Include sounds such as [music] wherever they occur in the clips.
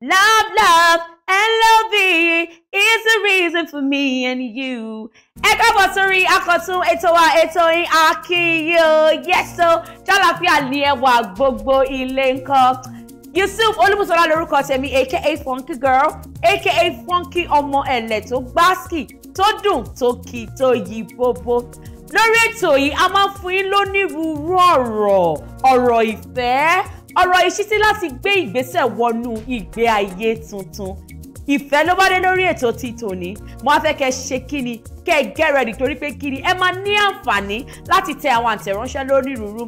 Love, love, and loving is the reason for me and you. Ẹ káàbọ̀ sórí akọ̀tún ètò wa ètò yín AkiiYin o. Yes o, jálàfíà ni ẹwà gbogbo ilé ńkọ́. Yusuf Olúbùsọ̀lá lórúkọ tèmi aka Funky Girl aka Funky ọmọ ẹ̀lẹ̀ tó gbáàsì tó dùn tó kì tó yí bóbó lórí ètò yìí a máa ń fún yín lónírúurú ọ̀rọ̀ ọ̀rọ̀ ìfẹ́ ọ̀rọ̀ ìṣítí láti gbé ìgbésẹ̀ wọnú ìgbé ayé tuntun ìfẹ́ ló bá dé lórí ètò ti tòní mo á fẹ́ kẹ́ ṣe kí ni kẹ́ ẹ gẹ́rẹ̀ nítorí pé kí ni ẹ máa ní àǹfààní láti tẹ àwọn àtẹ̀ránṣẹ́ lónírúurú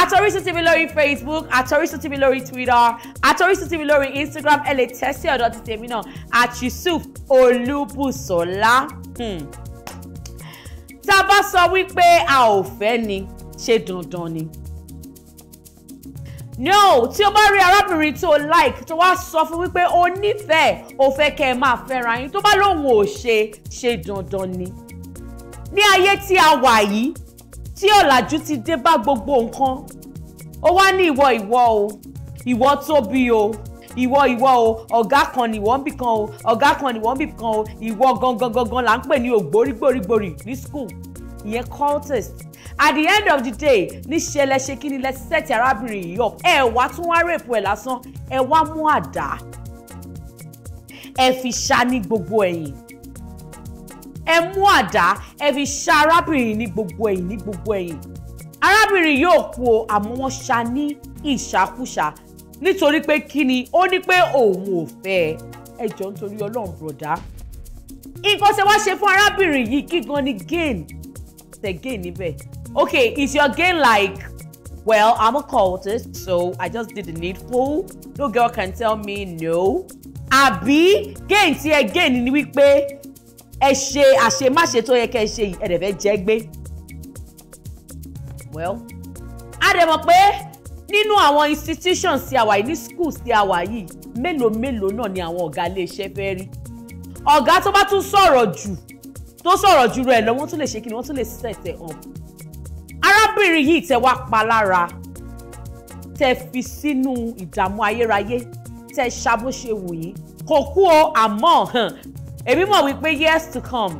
àtOrísun TV lórí Facebook àtOrísun TV lórí Twitter àtOrísun TV lórí Instagram ẹ lè tẹ́ sí ọ̀dọ̀ ti tèmi náà at Yusuf Olúbùsọ̀lá. Hmm. tá a bá sọ wípé a ò fẹ́ ni ṣe dandan ni no tí o bá rí arábìnrin tí o like tó wá sọ fún wípé o nífẹ̀ẹ́ o fẹ́ kẹ́ ẹ máa fẹ́ra yín tó bá lóun ò ṣe ṣe dandan ni. ní ayé tí a wà yìí tí ọ̀làjú ti dé bá gbogbo nǹkan ó wá ní ìwọ ìwọ o ìwọ tóbi o ìwọ ìwọ o ọ̀gá kan nìwọ ń bì kan o ọ̀gá kan nìwọ ń bì kan o ìwọ gangan gangan là ń pè ní ògbórígbórígbórì ní school ìyẹn cultist at the end of the day níṣẹ́ lẹ ṣe kí ni lẹ sẹ́ẹ̀tì arábìnrin yìí up ẹ wá tún wá rèpù ẹ̀ lásán ẹ wá mú àdá ẹ fi ṣá ní gbogbo ẹ̀yìn ẹ mú àdá ẹ fi ṣá arábìnrin ní gbogbo ẹ̀yìn ní gbogbo ẹ̀yìn arábìnrin yóò kú o àmọ́ wọ́n ṣá ní ìṣàkúṣà nítorí pé kí ni ó ní pé òun ò fẹ́ ẹ ẹ jọ nítorí ọlọ́run bùrọ̀dá nǹkan ṣe wá ṣe fún arábìnrin yìí kí gan ni gain tẹ̀ gain níbẹ̀ okay, is your game like, well, I'm a cultist, so I just did the needful. No girl can tell me no. Àbí game ti ẹ game ni wípé ẹ ṣe àṣemáṣe tó yẹ kẹ́ ẹ ṣe yìí ẹ dẹ̀ fẹ́ jẹ́ gbé. Well, a dẹ̀ mọ̀ pé nínú àwọn institutions tí a wà yìí ní schools tí a wà yìí mélòó mélòó náà ni àwọn ọ̀gá iléeṣẹ́ fẹ́ rí. Ọ̀gá tó bá tún sọ̀rọ̀ jù tó sọ̀rọ̀ jù rẹ̀ lọ wọ́n tún lè ṣe kí ni wọ́n tún lè set ẹ̀ hàn arábìnrin yìí tẹ wá pa lára tẹ fi sínú ìdààmú ayérayé tẹ ṣàbóṣe wù yín kò kú o àmọ́ èmi mọ̀ wípé years to come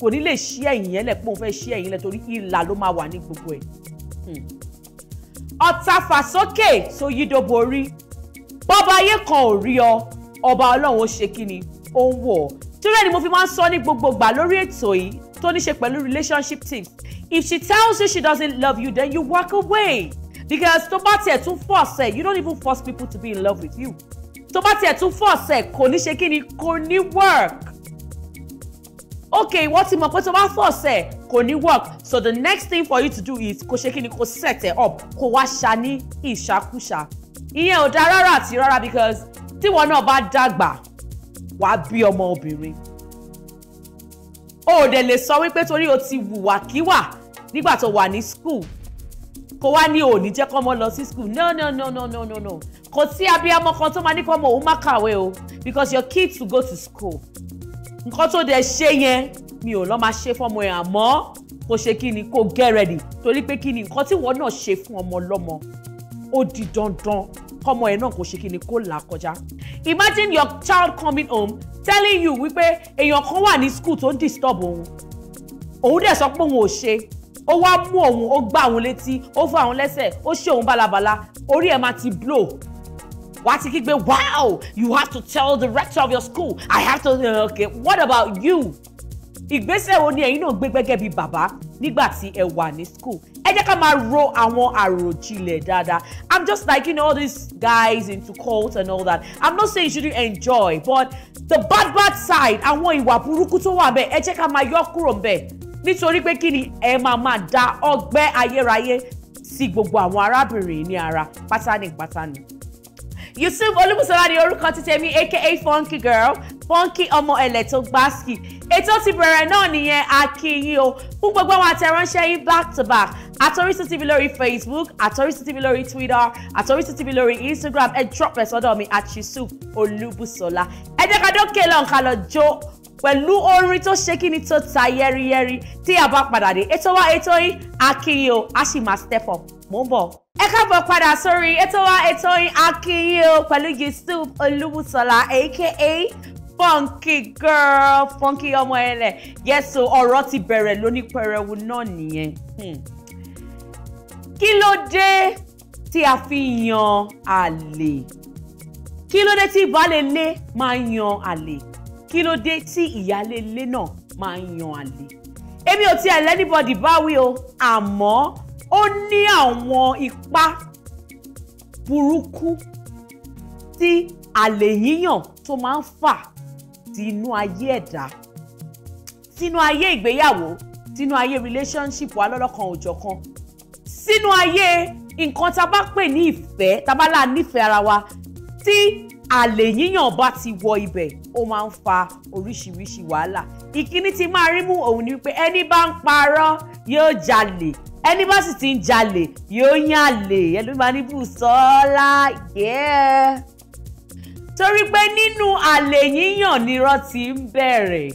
kò ní lè ṣí ẹ̀yìn yẹn lẹ̀ pé òun fẹ́ ṣí ẹ̀yìn lẹ̀ torí ìlà ló máa wà ní gbogbo ẹ̀. Hmm. ọ̀tá fàsókè tó yídó borí bọ́ba ayé kan ò rí ọ ọba ọlọ́run ó ṣe kí ni ó ń wọ̀ tí ó ni mo fi máa ń sọ ní gbogbo gbà lórí ètò yìí tó ní ṣe pẹ̀lú relationship thing if she tells you she doesn't love you then you walk away because tó bá tiẹ̀ tún force ẹ̀ you don't even force people to be in love with you tó bá tiẹ̀ tún force ẹ̀ kò ní ṣe kí ni kò ní work Okay, ìwọ ti mọ̀ pé tó bá force ẹ̀ kò ní work so the next thing for you to do is kò ṣe kí ni kò set ẹ̀ up kò wá ṣa ní ìṣàkúṣà ìyẹn ò dáa rárá àti rárá because tíwọ náà bá dàgbà wàá bí ọmọ obìnrin o dẹ̀ lè sọ wípé torí o ti wùwàkíwà nígbà tó wà ní school kò wá ní òní jẹ́ kọ́ ọmọ lọ sí school no no no no no no no kò sí abiyamọ kan tó máa ní kọ́ ọmọ òun má kàwé o because your kid to go to school nǹkan tó dẹ̀ ṣe yẹn mi ò lọ́ máa ṣe fọmọ ẹ̀ àmọ́ kò ṣe kí ni kò get ready torí pé kí ni nǹkan tí wọ́n náà ṣe fún ọmọ lọ́mọ ó di dandan kọ́mọ ẹ̀ náà kò ṣe kí ni kó là kọjá imagine your child coming home telling you wípé èèyàn kan wà ní school tó disturb òun òun dẹ̀ sọ pé òun ò ṣe ó wá mú òun ó gbá òun létí ó fọ́ òun lẹ́sẹ̀ ó ṣe òun bálabàla orí ẹ̀ máa ti blow wàá ti kígbe wow you have to tell the rector of your school i have to uh, okay what about you ìgbésẹ̀ wo ni ẹ̀yin náà gbé gẹ́gẹ́ bí bàbá nígbà tí ẹ wà ní school ẹ jẹ́ ká máa ro àwọn àròjinlẹ̀ dáadáa i'm just like you know all these guys into cult and all that i'm not saying you shouldn't enjoy but the bad bad side àwọn ìwà burúkú tó wà bẹ́ẹ̀ ẹ jẹ́ ká máa yọ kúrò bẹ́ẹ̀ nítorí pé kí ni ẹ máa máa da ọgbẹ́ ayérayé sí gbogbo àwọn arábìnrin ní ara pátánì pátánì. yusuf olúmúsọlá ni orúkọ títẹ̀mí aka funky girl funky ọmọ ẹ̀lẹ̀ tó gbáàsì ètò ti bẹ̀rẹ̀ náà nìyẹn akínyìn o fún gbogbo àwọn àtẹ̀ránṣẹ́ yìí back to back àtOrísun TV lórí Facebook àtOrísun TV lórí Twitter àtOrísun TV lórí Instagram ẹ drop ẹ sọ́dọ̀ mi at Yusuf Olúbùsọ̀lá ẹ jẹ́ ká dókè lọ́nkà lọ jó pẹ̀lú orin tó ṣe kí ni tó ta yẹ́rìyẹ́rì tí a bá padà dé ètò wa ètò yìí akínyìn o a sì máa step up mò ń bọ̀ ẹ káàbọ̀ padà sórí ètò wa ètò yìí akínyìn o pẹ̀lú Yusuf aka funky girl funky ọmọ ẹlẹ yẹsọ ọ̀rọ̀ ti bẹ̀rẹ̀ lónípẹrẹwu náà nìyẹn hmm. kí ló dé tí a fi yan àlè kí ló dé tí ìbálẹ̀lé máa yan àlè kí ló dé tí ìyálélé náà máa yan àlè èmi ò tiẹ̀ lẹ́nìbọ̀dì báwí o àmọ́ ó ní àwọn ipa burúkú tí àlè yíyàn tó máa ń fà di inú ayé ẹ̀dá sínú ayé ìgbéyàwó sínú ayé relationship wa lọ́lọ́kan òjọ̀kan sínú ayé nǹkan tá a bá pè ní ìfẹ́ tá a bá là nífẹ̀ẹ́ ara wa tí àlè yíyàn bá ti wọ ibẹ̀ ó máa ń fa oríṣiríṣi wàhálà ìkíní tí máa rí mú òun ni wípé ẹni bá ń parọ́ yóò jalè ẹni bá sì ti ń jalè yóò yàn àlè ẹni bá ní Bùsọ́lá yẹ́ẹ́. Yeah torí pé nínú àlè yíyàn nírọ́ ti ń bẹ̀rẹ̀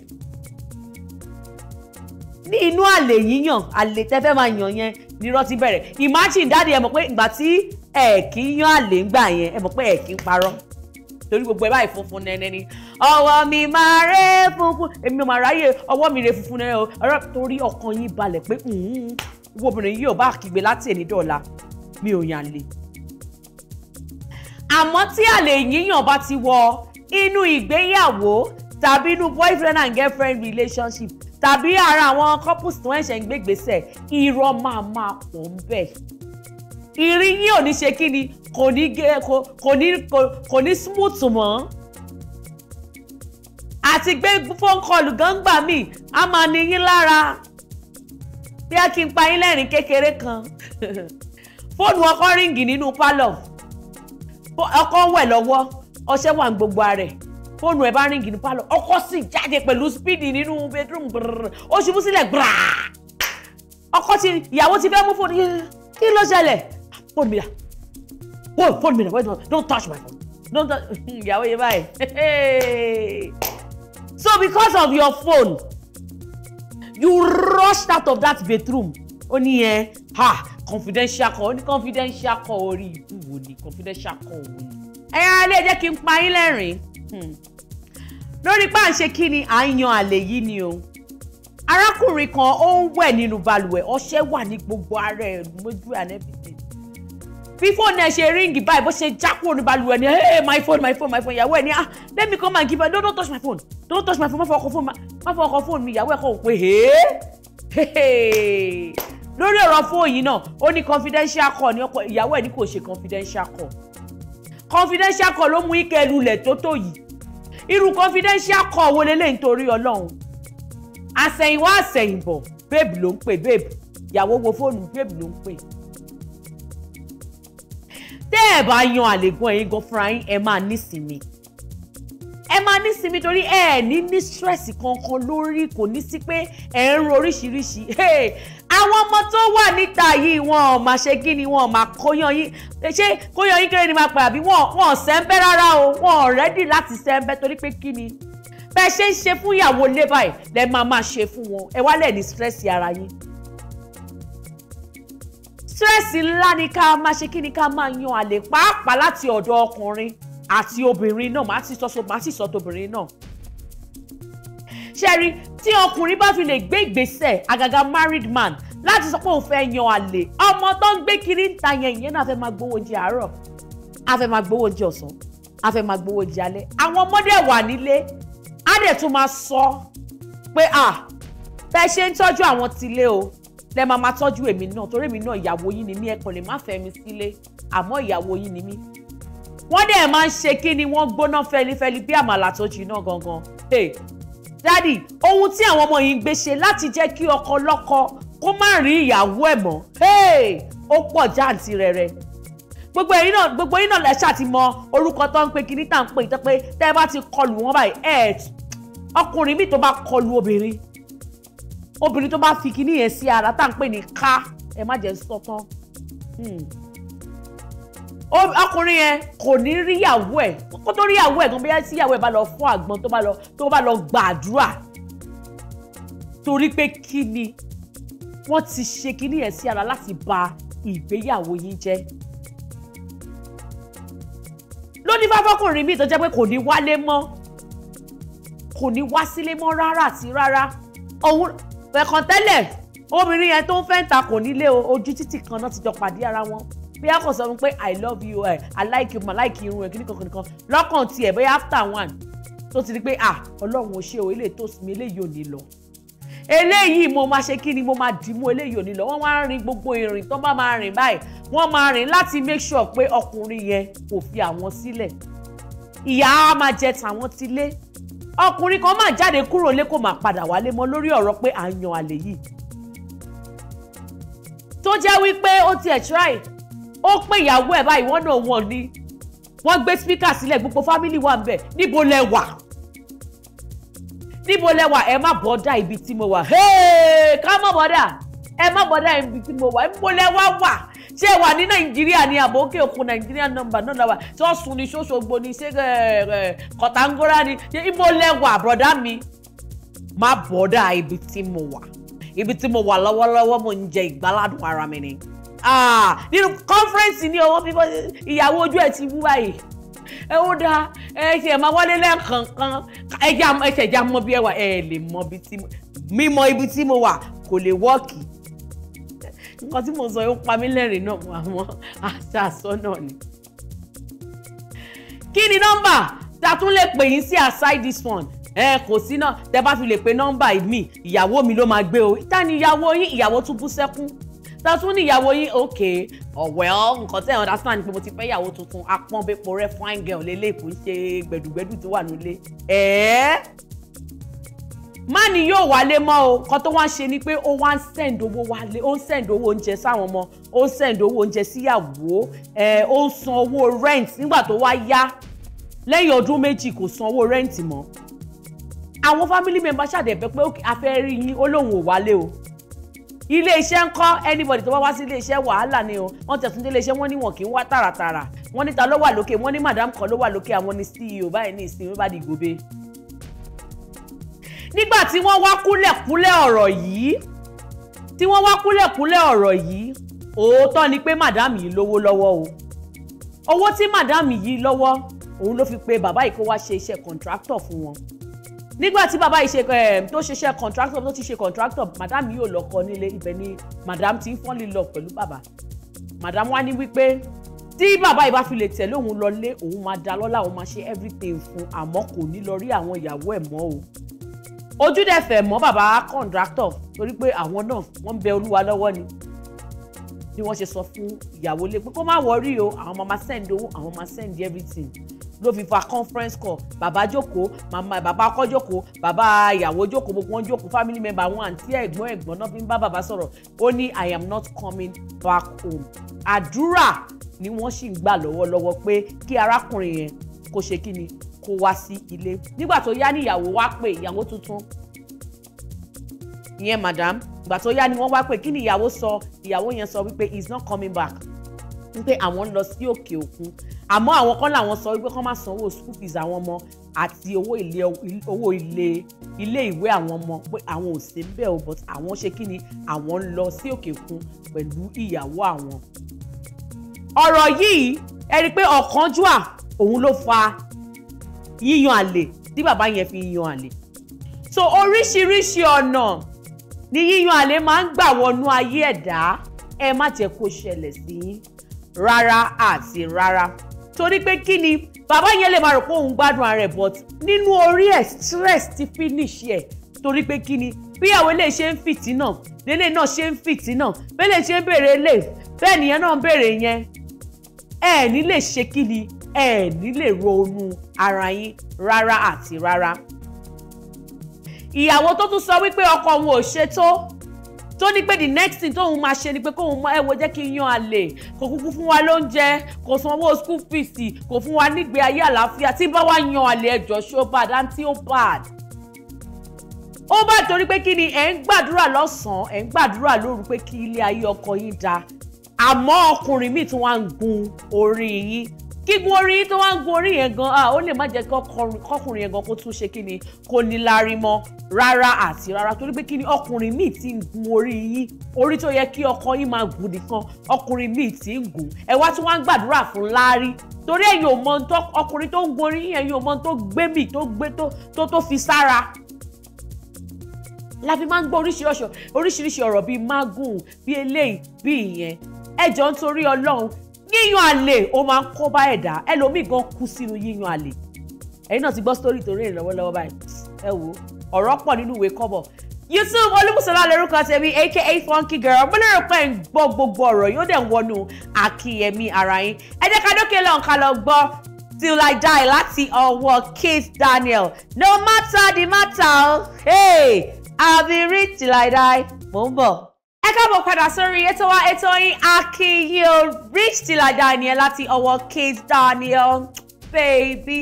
ní inú àlè yíyàn àlè tẹ́fẹ́ máa yàn yẹn nírọ́ ti bẹ̀rẹ̀ imagine dáàdi ẹ mọ̀ pé ìgbà tí ẹ̀ kì í yan àlè ń gbà yẹn ẹ mọ̀ pé ẹ̀ kì í parọ́ torí gbogbo ẹ báyìí funfun nẹ́nẹ́ ni ọwọ́ mi máa rẹ́ funfun èmi máa ráyè ọwọ́ mi rẹ́ funfun nẹ́nẹ́ ọ̀rọ̀ torí ọkàn yín balẹ̀ pé wo obìnrin yìí ò bá kígbe láti ènìdọ́la mi ò yàn lè àmọ́ tí àlè yíyàn bá ti wọ inú ìgbéyàwó tàbí inú boyfriend and girlfriend relationship tàbí ara àwọn couples tó ẹ̀ṣẹ̀ ń gbégbèsẹ̀ irọ́ máa máa pọ̀ ń bẹ̀. ìrìn yín ò ní ṣe kí ni kò ní kò ní kò ní smooth mọ́. àti gbé phone call gángbà mi a máa ní yín lára bí a kí n pa yín lẹ́rìn kékeré kan [laughs] fóònù ọkọ ríǹgì nínú pálọ̀ ọkọ wẹ̀ lọ́wọ́ ọṣẹ wà ń gbogbo ara ẹ̀ fóònù ẹ̀ bá ríngì ní pálọ̀ ọkọ sì jáde pẹ̀lú speed nínú bedroom ó ṣubú sílẹ̀ gbàrà ọkọ ti ìyàwó ti fẹ́ mú fóònù yẹn kí ló ṣẹlẹ̀ fóònù mi rà fóònù mi rà wait don't touch my phone don't touch [laughs] ìyàwó yẹn báyìí [laughs] so because of your phone you rushed out of that bedroom ó ní yẹn ha confidential call ní confidential call orí ìlú wo ni confidential call wo ni. ẹ á lè jẹ́ kí n pa yín lẹ́rìn-ín hmm. lórí pà ń ṣe kí ni à ń yan àlè yìí ni o arákùnrin kan ó ń wẹ̀ nínú balùwẹ̀ ọṣẹ wà ní gbogbo ara ẹ̀ lójú ànẹ́bìtì bí fóònù ṣe ríǹgì báyìí bó ṣe já kúrò ní balùwẹ̀ ni hey my phone my phone my phone ìyàwó ẹ̀ ni ah let me come and give her don't don't touch my phone don't touch my phone má fọ ọkọ fóònù má fọ ọkọ fóònù mi ìyàwó ẹ̀ kọ́ ò pé hey hey lórí ọ̀rọ̀ fóònù yìí náà ó ní confidential call ní ọkọ ìyàwó ẹ̀ ní kò ṣe confidential call confidential call ló mú ike lulẹ̀ tó tó yìí irú confidential call wo lélẹ̀ nítorí ọlọ́run àsẹ̀yìnwá àsẹ̀yìnbọ̀ babe ló ń pè babe ìyàwó wo fóònù babe ló ń pè tẹ́ ẹ̀ bá yan àlègùn ẹ̀yin gan fúnra yín ẹ̀ máa nísinmi ẹ máa ní torí ẹ ní ní stress kankan lórí kò ní sí pé ẹ ń ro oríṣiríṣi àwọn ọmọ tó wà níta yìí wọn ò máa ṣe kí ni wọn ò máa kóyan yín ṣé kóyan yín kéré ni máa pè àbí wọn wọn ò sẹ́ńbẹ́ rárá o wọn ò rẹ́dì láti sẹ́ńbẹ́ torí pé kí ni bẹ́ẹ̀ ṣe ń ṣe fún ìyàwó ilé báyìí lẹ́ máa máa ṣe fún wọn ẹ wálẹ̀ ní stress ara yín stress ńlá ni ká máa ṣe kí ni ká máa yan àlè pàápàá láti ọ̀dọ̀ ọkùnrin àti obìnrin náà màá sì sọ tóbìnrin náà ṣẹ́rí tí ọkùnrin bá fi lè gbé ìgbésẹ̀ àgàgà married man láti sọ pé òun fẹ́ yan àlè ọmọ tó ń gbé kiri ń ta yẹn ìyẹn náà fẹ́ máa gbowó oúnjẹ àárọ̀ a fẹ́ máa gbowó oúnjẹ ọ̀sán a fẹ́ máa gbowó oúnjẹ alẹ́ àwọn ọmọdé wà nílé á dẹ̀ tún máa sọ pé à bẹ́ẹ̀ ṣe ń tọ́jú àwọn tilé o lẹ máa máa tọ́jú èmi náà torí èmi náà ìyàwó yín ni mí ẹ kàn lè má fẹ́ mi sílé àmọ́ ìyàwó yín ni mí wọ́n dẹ̀ máa ń ṣe kí ni wọ́n gbóná fẹlifẹli bí àmàlà tó jiná gangan dádì ohun tí àwọn ọmọ yìí ń gbé ṣe láti jẹ́ kí ọkọ lọ́kọ kó má rí ìyàwó ẹ̀ mọ́ ó pọ̀ jáǹtì rẹ̀ rẹ̀ gbogbo ẹ̀yin náà gbogbo ẹ̀yin náà lẹ ṣáà ti mọ orúkọ tó ń pe kinní tá à ń pè tó pé tẹ́ ẹ bá ti kọlù wọn báyìí ẹ̀ ọkùnrin míì tó bá kọlù obìnrin obìnrin tó bá fi kinní yẹn sí ara tá à ń pè ní ká ẹ má jẹ́ sọ ọkùnrin yẹn kò ní ríyàwó ẹ̀ kó tó ríyàwó ẹ̀ gan bóyá síyàwó ẹ̀ bá lọ fún àgbọn tó bá lọ tó bá lọ gbàdúrà torí pé kí ni wọ́n ti ṣe kí ni yẹn sí ara láti ba ìgbéyàwó yín jẹ́ lóní fáfọkùnrin mi tó jẹ́ pé kò ní wálé mọ́ kò ní wá sílé mọ́ rárá àti rárá òun ẹ̀kan tẹ́lẹ̀ obìnrin yẹn tó ń fẹ́ ta kò nílé ojú títì kan náà ti jọ pàdé ara wọn bóyá kò sọ fún pé i love you eh, i like you ma like irun ẹ kíní kankan nìkan lọ́kàn tiẹ̀ bóyá after one tó ti di pé ah ọlọ́run ò ṣe o eléyìí tó sinmi eléyìí ò ní lọ eléyìí mo máa ṣe kí ni mo máa dì mú eléyìí ò ní lọ wọ́n máa ń rin gbogbo ìrìn tó bá máa rìn báyìí wọ́n máa rìn láti make sure pé ọkùnrin yẹn kò fi àwọn sílẹ̀ ìyá á máa jẹ tàwọn ti lé ọkùnrin kan máa jáde kúrò lé kó máa padà wálé mọ́ lórí ọ̀rọ̀ pé à ń yan àlè yìí tó jẹ́ wípé ó tiẹ̀ try ó pé ìyàwó ẹ̀ báyìí wọ́n náà wọ̀n ni wọ́n gbé spíkà sílẹ̀ gbogbo fámìlì wa ń bẹ̀ níbo lẹ wà níbo lẹ wà ẹ má bọ́dà ibi tí mo wà ká má bọ́dà ẹ má bọ́dà ibi tí mo wà níbo lẹ wá wà ṣé ẹ wà ní nàìjíríà ní àbókè òkun nàìjíríà nọ́mbà náà wà tí wọ́n sun ní ṣoṣogbo ní ṣé kọ̀tàngórá ni níbo lẹ wà bọ́dà mi má bọ́dà ibi tí mo wà ibi tí mo wà lọ́wọ́lọ́wọ́ mo ń jẹ ìgbáládùn ara mi ni Ah, nínú conference ní owó fífọ́ ìyàwó ojú ẹ̀ ti wú báyìí ẹ ó dáa ẹ ṣe máa wọlé lẹ́ẹ̀kọ̀ọ̀kan ẹ ṣe ẹja mọ bí ẹ wà ẹ lè mọ bí tí mímọ ibi tí mo wà kò lè wọ́ọ̀kì nǹkan tí mo sọ yóò pa mí lẹ́rìn náà mọ àwọn àṣà àṣọ ni. kí ni nọ́mbà ta tún lè pè yín sí aside this one ẹ kò sí náà tẹ bá fi lè pe nọ́mbà mi ìyàwó mi ló máa gbé o ìta ni ìyàwó yín ìyàwó tún bú sẹ́kún tatún níyàwó yín òkè ọ̀wẹ́ ọ́ nǹkan tẹ́ ẹ̀ understand pé mo ti fẹ́ yàwó tuntun apọ́n bẹ́pọ̀ rẹ fine girl lélẹ̀ kò ń ṣe gbẹ̀dùgbẹ̀dù tó wà nílé ẹ̀ẹ́ eh? má ní yóò wálé mọ́ o nǹkan tó wá ń ṣe ni pé ó wá ń send owó wálé ó ń send owó oúnjẹ sáwọn ọmọ ó ń send owó oúnjẹ síyàwó ẹ̀ eh, ó ń san owó rent nígbà tó wá yá lẹ́yìn ọdún méjì kò san owó rent mọ́ àwọn family members ṣàdẹ̀bẹ́ pé a fẹ́ rí yín ó lóun ò wálé o ilé iṣẹ́ ń kọ́ anybody tó bá wá sí ilé iṣẹ́ wàhálà ni o wọ́n tẹ̀sùn dé ilé iṣẹ́ wọ́n ní wọn kì í wá tààràtààrà wọ́n níta ló wà lókè wọ́n ní madam kan ló wà lókè àwọn ní CEO báyìí ní ìsinmi bá di gòbe. nígbà tí wọ́n wá kúlẹ̀kúlẹ̀ ọ̀rọ̀ yìí tí wọ́n wá kúlẹ̀kúlẹ̀ ọ̀rọ̀ yìí òótọ́ ni pé madam yìí lówó lọ́wọ́ o owó tí madam yìí lọ́wọ́ òun ló fi pe bàbá yìí kó wá ṣe iṣẹ́ contractor fún wọn nígbà tí bàbá yìí ṣe eh, tó ṣiṣẹ́ contractor tó ti ṣe contractor madam yóò lọ kọ nílé ibẹ̀ ni madam ti ń fọ́n lè pẹ̀lú bàbá madam wá ní wípé tí bàbá yìí bá fi lè tẹ̀lé òun lọlé òun máa da lọ́lá òun máa ṣe everything fún àmọ́ kò ní lọ rí àwọn ìyàwó ẹ̀ mọ́ o ojú dẹ̀ fẹ̀ mọ́ bàbá contractor torí pé àwọn náà wọ́n ń bẹ olúwa lọ́wọ́ ni ni wọ́n ṣe sọ fún ìyàwó lé pé kó má wọrí o àwọn máa send owó àwọn máa send everything ló fi fa conference call bàbá jókòó màmá bàbá ọkọ jókòó bàbá ìyàwó jókòó gbogbo wọn jókòó family member wọn àǹtí ẹ̀gbọ́n ẹ̀gbọ́n náà fi ń bá bàbá sọ̀rọ̀ ó ní i am not coming back home àdúrà ni wọ́n sì ń gbà lọ́wọ́lọ́wọ́ pé kí arákùnrin yẹn kó ṣe kí ni kó wá sí ilé nígbà tó yá ní ìyàwó wá pé ìyàwó tuntun ìyẹn madam ìgbà tó yá ni wọ́n wá pé kí ni ìyàwó sọ ìyàwó yẹn sọ wípé he is not coming back wípé àwọn ń lọ sí òkè òkun àmọ́ àwọn kan làwọn sọ wípé kán má sanwó school fees àwọn ọmọ àti owó ilé owó ilé ilé ìwé àwọn ọmọ pé àwọn ò sí bẹ́ẹ̀ o but àwọn ṣe kí ni àwọn ń lọ sí òkè òkun pẹ̀lú ìyàwó àwọn. ọ̀rọ̀ yìí ẹ rí i pé ọ̀kánjúà òun ló fa yíyan àlè tí bàbá yẹn fi yan àlè. so oríṣiríṣi ọ̀nà ni yíyan àlè máa ń gbà wọnú ayé ẹ̀dá ẹ má jẹ́ kó ṣẹlẹ̀ sí yín rárá àti rárá torí pé kí ni bàbá yẹn lè máa rò pé òun gbádùn ara ẹ̀ but nínú orí ẹ̀ stress ti finish ẹ̀ torí pé kí ni bí àwọn eléyìí ṣe ń fìtì náà lélẹ̀ náà ṣe ń fìtì náà bẹ́ẹ̀ ṣe ń béèrè lè bẹ́ẹ̀ nìyẹn náà ń béèrè yẹn ẹ ní lè ṣe kí ni ẹ ní lè ronú ara yín rárá àti rárá ìyàwó tó tún sọ wípé ọkọ òun ò ṣe tó tó ní pé the next thing tóun máa ṣe ni pé kóun ẹ wo jẹ́ kí n yan àlè kò kúkú fún wa lóúnjẹ kò san owó school fees kò fún wa nígbé ayé àlàáfíà tí bá wa yan àlè ẹjọ́ ṣó bad àǹtí ó bad ó bá torí pé kí ni ẹ̀ ń gbàdúrà lọ́sàn-án ẹ̀ ń gbàdúrà lóru pé kí ilé ayé ọkọ yín dáa àmọ́ ọkùnrin míì tí wọ́n ń gun orí yín gígun orí tó wá ń gun orí yẹn gan ah, ó lè má jẹ́ kọkùnrin yẹn gan kó tún ṣe kí ni kò ní lárí mọ́ rárá àti rárá torí pé kí ni ọkùnrin míì ti ń gun orí yín orí tó yẹ kí ọkọ yín máa gùn nìkan ọkùnrin míì ti ń gùn ẹ wá tún wá ń gbàdúrà fún láárí torí ẹ yóò mọ ọkùnrin tó ń gun orí yẹn yóò mọ tó gbé mì tó gbé tó tó fi sára la máa ń gbọ́ oríṣiríṣi ọ̀rọ̀ bíi mágùn bíi eléyìí bíi ìyẹn ẹ jọ ń torí ọlọ́run yíyan àlè ó máa ń kó bá ẹ̀dá ẹlòmíì gan kú sínú yíyan àlè ẹ̀yin náà ti gbọ́ sítórì tó rìn lọ́wọ́lọ́wọ́ báyìí ẹ wò ọ̀rọ̀ pọ̀ nínú ìwé kọ́bọ̀ yusuf olúbùsọ̀lá lórúkọ tèmi aka funky girl mo lérò pé ń gbọ́ gbogbo ọ̀rọ̀ yóò dẹ̀ wọnú àkìyẹ̀mí ara yín ẹ jẹ́ ká dókè lọ́n ká lọ gbọ́ till i die láti ọwọ́ kiss daniel no matter the matter hey i be rich till i die mo ń bọ̀ ẹ káàbọ̀ padà sórí ètò wa ètò yín AkiiYin o Rich Tilaja nìyẹn láti ọwọ́ Kizz Daniel baby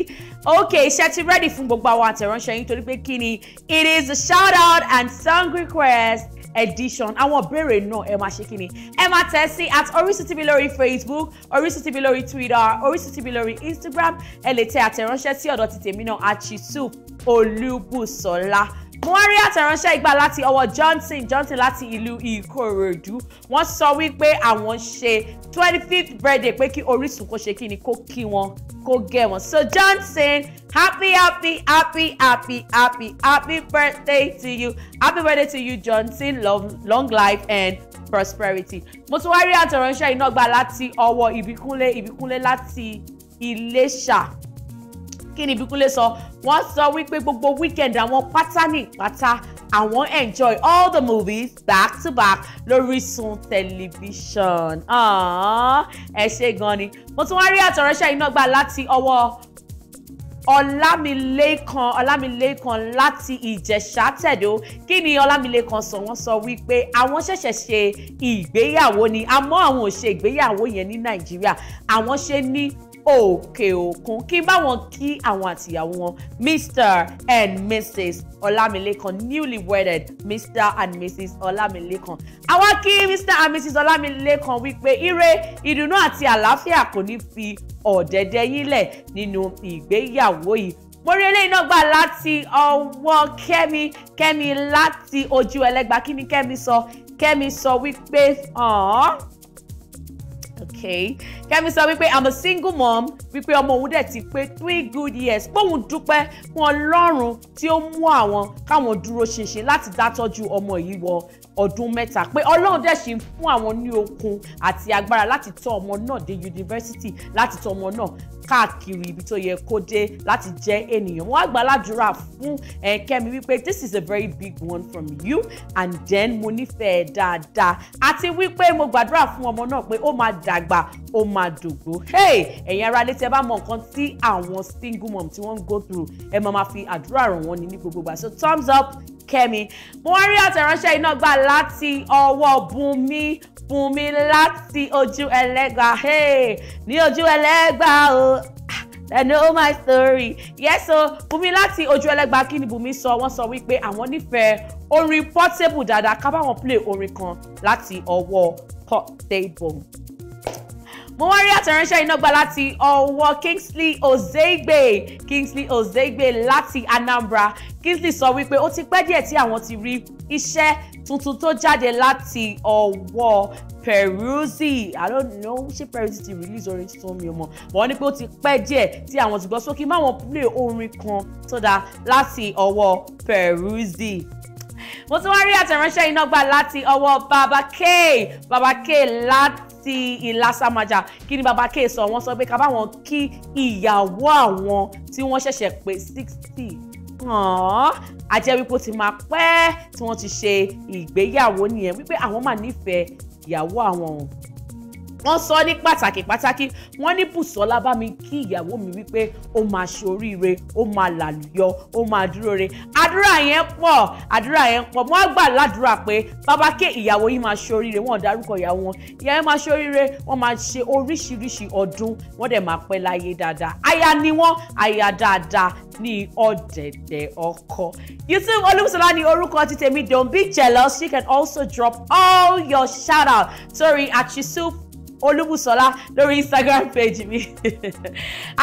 ok iṣẹ́ ti ready fún gbogbo àwọn àtẹ̀ránṣẹ́ yín torí pé kí ni it is a shout out and song request edition àwọn ìbéèrè náà ẹ máa ṣe kí ni ẹ máa tẹ̀ sí at Orisun TV lórí Facebook Orisun TV lórí Twitter Orisun TV lórí Instagram ẹ lè tẹ àtẹ̀ránṣẹ́ sí ọ̀dọ̀ ti tèmi náà àchìsù Olúbùsọ̀lá mo wá rí àtẹ̀ránṣẹ́ ìgbà láti ọwọ́ Johnson Johnson láti ìlú Ìkòròdú wọ́n sọ wípé àwọn ṣe twenty fifth birthday pé kí Orísun kó ṣe kí ni kó kí wọn kó gẹ̀ wọ́n so Johnson happy happy happy happy happy happy birthday to you happy birthday to you Johnson love long life and prosperity mo tún wá rí àtẹ̀ránṣẹ́ iná gbà láti ọwọ́ Ìbíkúnlé Ìbíkúnlé láti Iléṣà kí ni Ìbíkúnlé sọ wọ́n sọ wípé gbogbo weekend àwọn pátá ní ìpátá àwọn enjoy all the movies back to back lórísun tẹlifíṣàn ẹ ṣe gan ni mo tún wá rí àtọ̀rẹ́ṣẹ́ iná gbà láti ọwọ́ ọlámilékan ọlámilékan láti ìjẹ̀ṣà tẹ̀dó kí ni ọlámilékan sọ wọ́n sọ wípé àwọn ṣẹ̀ṣẹ̀ ṣe ìgbéyàwó ni àmọ́ àwọn ò ṣe ìgbéyàwó yẹn ní nàìjíríà àwọn ṣe ní òkè òkun kí n bá wọn kí àwọn àtìyàwó wọn mr and mrs ọlámilékan newly wedded mr and mrs ọlámilékan àwa kí mr and mrs ọlámilékan wípé ire ìdùnnú àti àlàáfíà kò ní fi ọ̀dẹ̀dẹ̀ yín lẹ̀ nínú ìgbéyàwó yìí mo rí eléyìí náà gbà láti ọwọ́ kẹ́mi kẹ́mi láti ojú ẹlẹ́gbà kí ni kẹ́mi sọ kẹ́mi sọ wípé okay Kẹ́mi sọ wípé I'm a single mom wípé ọmọ òun dẹ̀ ti pé three good years póun dúpẹ́ fún Ọlọ́run tí ó mú àwọn káwọn dúró ṣinṣin láti dátọ́jú ọmọ yìí wọ ọdún mẹ́ta pé Ọlọ́run dẹ̀ ṣì ń fún àwọn ní okun àti agbára láti tọ́ ọmọ náà dé yunifásitì láti tọ́ ọmọ náà káàkiri ibi tó yẹ kó dé láti jẹ́ ènìyàn wọ́n á gbà ládùúrà fún Kẹ́mi wípé this is a very big one from you and then mo nífẹ̀ẹ́ dáadáa àti wípé mo gbàdúrà fún ọmọ náà pé ó máa dàgbà ó má máa dògbó ẹ̀yin ará ilé tí ẹ bá mọ nǹkan tí àwọn single mom tí wọ́n ń go through ẹ máa máa fi àdúrà ràn wọ́n ní ní gbogbo ìgbà so thumbs up Kẹ́mi mo wá rí àtẹ̀ránṣẹ́ iná gbà láti ọwọ́ Bùnmi Bùnmi láti ojú ẹlẹ́gbà ní ojú ẹlẹ́gbà o I know my story yes o Bùnmi láti ojú ẹlẹ́gbà kí ni Bùnmi sọ wọ́n sọ wípé àwọn nífẹ̀ẹ́ orin Portable dáadáa ká báwọn play orin kan láti ọwọ́ table mo wá rí àtẹ̀ránṣẹ́ iná gbà láti ọwọ́ Kingsley Ozegbe Kingsley Ozegbe láti Anambra Kingsley sọ wípé ó ti pẹ́ díẹ̀ tí àwọn ti rí iṣẹ́ tuntun tó jáde láti ọwọ́ Peruzzi I don't know ṣé Peruzzi ti release orin tuntun mi mọ̀ wọ́n ní pé ó ti pẹ́ díẹ̀ tí àwọn ti gbọ́ sókè má wọn play orin kan tó dáa láti ọwọ́ Peruzzi. mo tún wá rí àtẹ̀ránṣẹ́ iná gbà láti ọwọ́ Baba K Baba K láti ti ìlàsàmàjà kí ni bàbá K sọ wọ́n sọ pé ká bá wọn kí ìyàwó àwọn tí wọ́n ṣẹ̀ṣẹ̀ pé sixty àjẹ́ wípé ó ti máa pẹ́ tí wọ́n ti ṣe ìgbéyàwó nìyẹn wípé àwọn máa nífẹ̀ẹ́ ìyàwó àwọn wọ́n sọ ní pàtàkì pàtàkì wọ́n ní Bùsọ́lá bá mi kí ìyàwó mi wípé ó máa ṣoríire ó máa làlùyọ ó máa dúró re àdúrà yẹn pọ̀ àdúrà yẹn pọ̀ wọ́n á gbà ládùúrà pé bàbá ké ìyàwó yìí máa ṣoríire wọ́n dárúkọ ìyàwó wọn ìyá máa ṣoríire wọ́n máa ṣe oríṣiríṣi ọdún wọ́n dẹ̀ máa pẹ́ láyé dáadáa aya ni wọ́n aya dáadáa ní ọ̀dẹ̀dẹ̀ ọkọ Yusuf Olúbùsọ́lá ni orúkọ ti tèmi don't be jealous she can also drop all your shout out sorry at Yusuf olúbùsọ́lá lórí instagram page mi [laughs]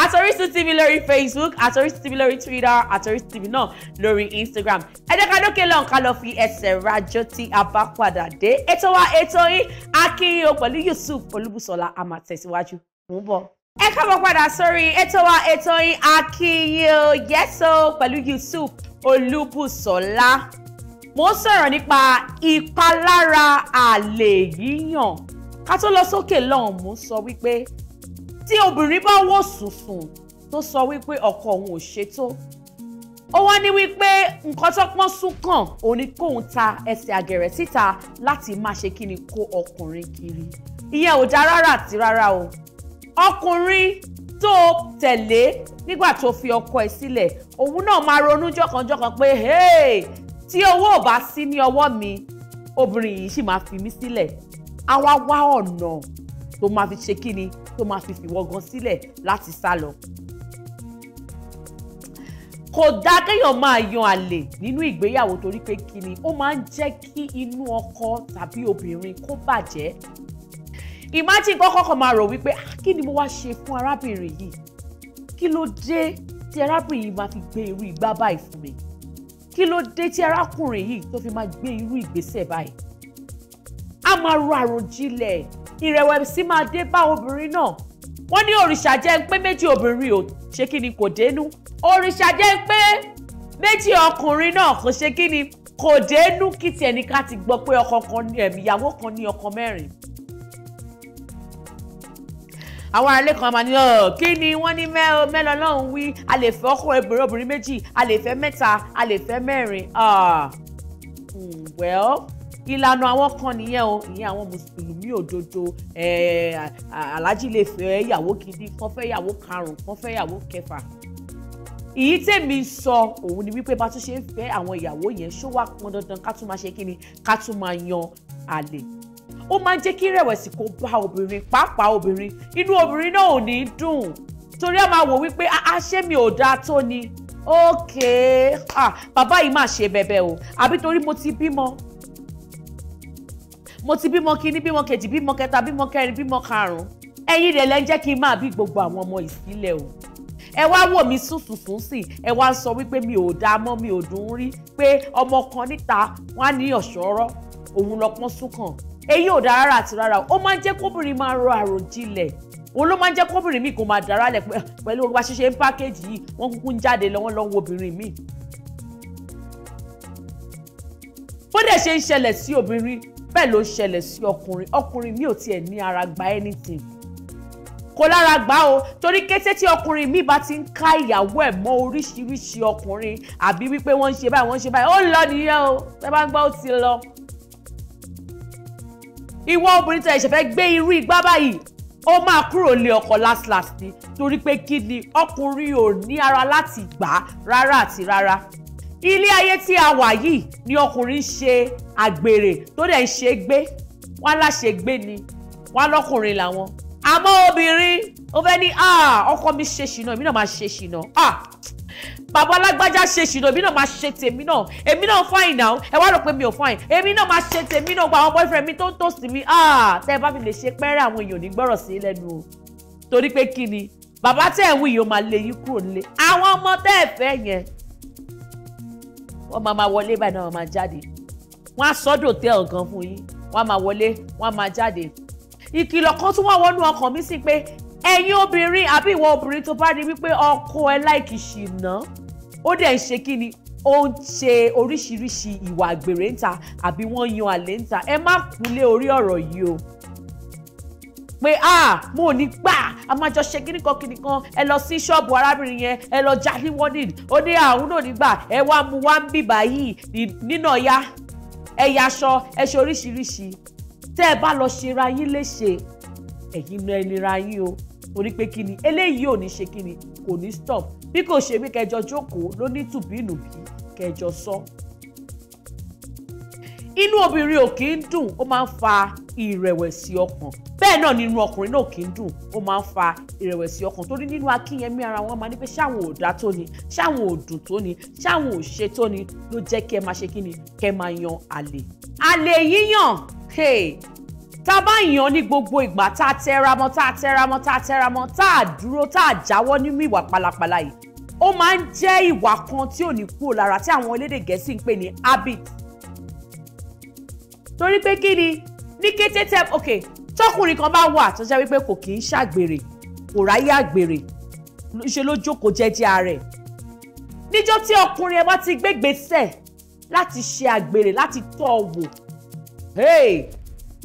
at Orisun TV lórí facebook at Orisun TV lórí twitter at Orisun TV náà lórí instagram ẹ jẹ́ ká dókè lọ́n ká lọ fi ẹsẹ̀ rajò tí a bá padà dé ètò wa ètò yín akínyìn o pẹ̀lú yusuf olúbùsọ́lá a máa tẹ̀síwájú mú bọ̀ ẹ káàbọ̀ padà sórí ètò wa ètò yín akínyìn o yẹ́sọ̀ pẹ̀lú yusuf olúbùsọ́lá mo ń sọ̀rọ̀ nípa ìpalára àlè yíyàn ká tó lọ sókè lọ́hùn mú sọ wípé tí obìnrin bá wò sùnsùn tó sọ wípé ọkọ òun ò ṣètò ó wá ní wípé nǹkan tó pọ́n sún kàn òun ni kóun ta ẹsẹ̀ àgẹ̀rẹ̀ síta láti máa ṣe kí ni kó ọkùnrin kiri ìyẹn ò dá rárá àti rárá o ọkùnrin tó tẹ̀lé nígbà tó fi ọkọ ẹ̀ sílẹ̀ òun náà máa ronú jọ̀kanjọ̀kan pé hey tí owó ò bá sí ní ọwọ́ mi obìnrin yìí sì máa fi mí sílẹ̀ á wá wá ọ̀nà tó máa fi ṣe kí ni tó máa fi fìwọ́gan sílẹ̀ láti sá lọ. kò dáa kéèyàn máa yan àlè nínú ìgbéyàwó torí pé kí ni ó máa ń jẹ́ kí inú ọkọ tàbí obìnrin kó bàjẹ́ imagine kọ́kọ́ kan máa rò wípé ah, kí ni mo wá ṣe fún arábìnrin yìí kí ló dé tí arábìnrin yìí máa fi gbé irú ìgbà báyìí fún mi kí ló dé tí arákùnrin yìí tó fi máa gbé irú ìgbésẹ̀ báyìí á máa ro àròjinlẹ̀ ìrẹ̀wẹ̀sì máa dé bá obìnrin náà wọ́n ní òrìṣà jẹ́ ń pé méjì obìnrin ò ṣe kí ni kò dénú òrìṣà jẹ́ ń pé méjì ọkùnrin náà kò ṣe kí ni kò dénú kí tiẹ̀ ní ká ti gbọ́ pé ọkọ kan ní ẹ̀mí ìyàwó kan ní ọkọ mẹ́rin àwọn aráalé kan máa ní ọ kí ni wọ́n ní mẹ́lọ lọ́hùn wí a lè fẹ́ ọkọ obìnrin obìnrin méjì a lè fẹ́ mẹ́ta a lè fẹ́ mẹ́rin ah, hmm, well ìlànà àwọn kan nìyẹn o ìyẹn àwọn mùsùlùmí òdodo aláàjì lè fẹ́ ìyàwó gidi kan fẹ́ ìyàwó karùn-ún kan fẹ́ ìyàwó kẹfà èyí tèmi sọ òun ni wípé bá tún ṣe ń fẹ́ àwọn ìyàwó yẹn ṣó wá pọn dandan ká tún máa ṣe kíni ká tún máa yan àlè ó máa ń jẹ́ kí rẹ̀wẹ̀sì kó bá obìnrin pàápàá obìnrin inú obìnrin náà ò ní dùn torí a máa wò wípé a ah, ah, ṣé mi ò dáa tó ni ókè ah, bàbá yìí máa ṣe bẹ̀bẹ̀ o àbí torí mo ti bímọ mo ti bímọ kínní bímọ kejì bímọ kẹta bímọ kẹrin bímọ karùn-ún ẹ̀yin rẹ̀ ń jẹ́ kí n máa bí gbogbo àwọn ọmọ ìsílẹ̀ o ẹ wá wò mí sùsùsùn sí ẹ wá sọ wípé mi ò dá mọ́ mi ò dùn rí pé ọmọ kan níta wọn á ní ọ̀ṣọ́rọ́ òun lọ́pọ́n súnkàn èyí ò dára rárá àti rárá ó máa ń jẹ́ kóbìnrin máa ro àròjinlẹ̀ òun ló máa ń jẹ́ kóbìnrin mi kò máa dára lẹ̀ ah, pẹ̀lú orúkọ ṣíṣe ń pákéjì yìí wọ́n kúkú ń jáde lọ́wọ́ lọ́wọ́ obìnrin mi. bó dẹ̀ ṣe ń ṣẹlẹ̀ sí obìnrin bẹ́ẹ̀ ló ṣẹlẹ̀ sí ọkùnrin ọkùnrin mi ò tiẹ̀ ní ara gba anything kò lára gbá o torí kété tí ọkùnrin mi bá ti ń ká ìyàwó ẹ̀ mọ́ oríṣiríṣi ọkùnrin àbí wípé wọ́n ń ṣe báyìí wọ́n ń ṣe báyìí ó lọ nìyẹn o ẹ bá ń gbọ́ ó ti lọ. ìwọ obìnrin tó ẹ̀ṣẹ̀ fẹ́ gbé irú igbá báyìí ó máa kúrò lé ọkọ last ni torí pé kí ni ọkùnrin ò ní ara láti gbà rárá àti rárá. ilé ayé tí a wà yìí ni ọkùnrin ṣe àgbèrè tó dẹ̀ ń ṣe gbé wọ́n aláṣẹ gbé ni wọ́n alọ́kùnrin làwọn àmọ́ obìnrin ó fẹ́ ní ọkọ mi ṣe ṣìnà èmi náà máa ṣe ṣìnà bàbá alágbájá ṣe ṣìnà èmi náà máa ṣe tèmi náà èmi náà fine now ẹ wá rò pé mi ò fine èmi náà máa ṣe tèmi náà gba àwọn boyfriend mi tó ń tòsí mi tẹ ẹ bá mi lè ṣe pẹ́rẹ́ àwọn èèyàn nígbọ́rọ̀ sí lẹ́nu o torí pé kí ni bàbá tẹ̀ ń wí yìí ó máa lé yín kúrò nílé àwọn ọmọ tẹ́ ẹ fẹ́ yẹn wọ́n máa máa wọlé báyìí náà wọ́n máa jáde wọ́n á sọ́dọ̀ tẹ́ẹ̀ gan fún yín wọ́n á máa wọlé wọ́n á máa jáde ìkìlọ̀ kan tún wà wọnú ọkàn mi sí pé ẹ̀yin obìnrin àbí ìwọ obìnrin tó bá rí wípé ọkọ ẹ láìkì ṣìnà ó dẹ̀ ń ṣe kí ni ó ń ṣe oríṣiríṣi ìwà àgbèrè ń ta àbí wọ́n yan àlè ń ta ẹ má kúnlé orí ọ̀rọ̀ yìí o pé ah mo ò ní gbà a máa jọ ṣe kíníkan kíníkan ẹ lọ sí ṣọ́ọ̀bù arábìnrin yẹn ẹ lọ jáde warning ó ní àwọn náà nígbà ẹ wá mu wá ń bì báyìí nínà ya ẹ yaṣọ ẹ ṣe oríṣiríṣi tẹ́ ẹ bá lọ ṣera yín léṣe ẹ̀yin náà ẹnira yín o torí pé kí ni eléyìí ò ní ṣe kí ni kò ní stop bí kò ṣe bí kẹjọ jókòó ló ní tùbínùbí kẹjọ sọ. So inú obìnrin ò kí ń dùn ó máa ń fa ìrẹ̀wẹ̀sì ọkàn bẹ́ẹ̀ náà nínú ọkùnrin náà kì í dùn ó máa ń fa ìrẹ̀wẹ̀sì ọkàn torí nínú akínyẹmí ara wọn máa ní pé ṣáwọn ò dá tó ni ṣáwọn ò dùn tó ni ṣáwọn ò ṣe tó ni ló jẹ́ kí ẹ máa ṣe kí ni kẹ́ máa yan àlè. àlè yíyàn tá a bá yàn ní gbogbo ìgbà tá a tẹra mọ́ tá a tẹra mọ́ tá a tẹra mọ́ tá a dúró tá a jáwọ́ nínú ìwà pálapàla yìí ó máa ń jẹ́ ìwà kan tí ò ní kúrò lára tí àwọn elédè gẹ̀ẹ́sì ń pè ní habit torí pé kí ni ní kété tẹ ok tọkùnrin kan bá wà tó jẹ́ wípé kò kì í ṣàgbèrè kò ráyè àgbèrè ṣe ló jókòó jẹ́jẹ́ rẹ̀ níjọ́ tí ọkùnrin ẹ bá ti gbégbèsè láti ṣe àgbèrè láti tọ́ ọ wò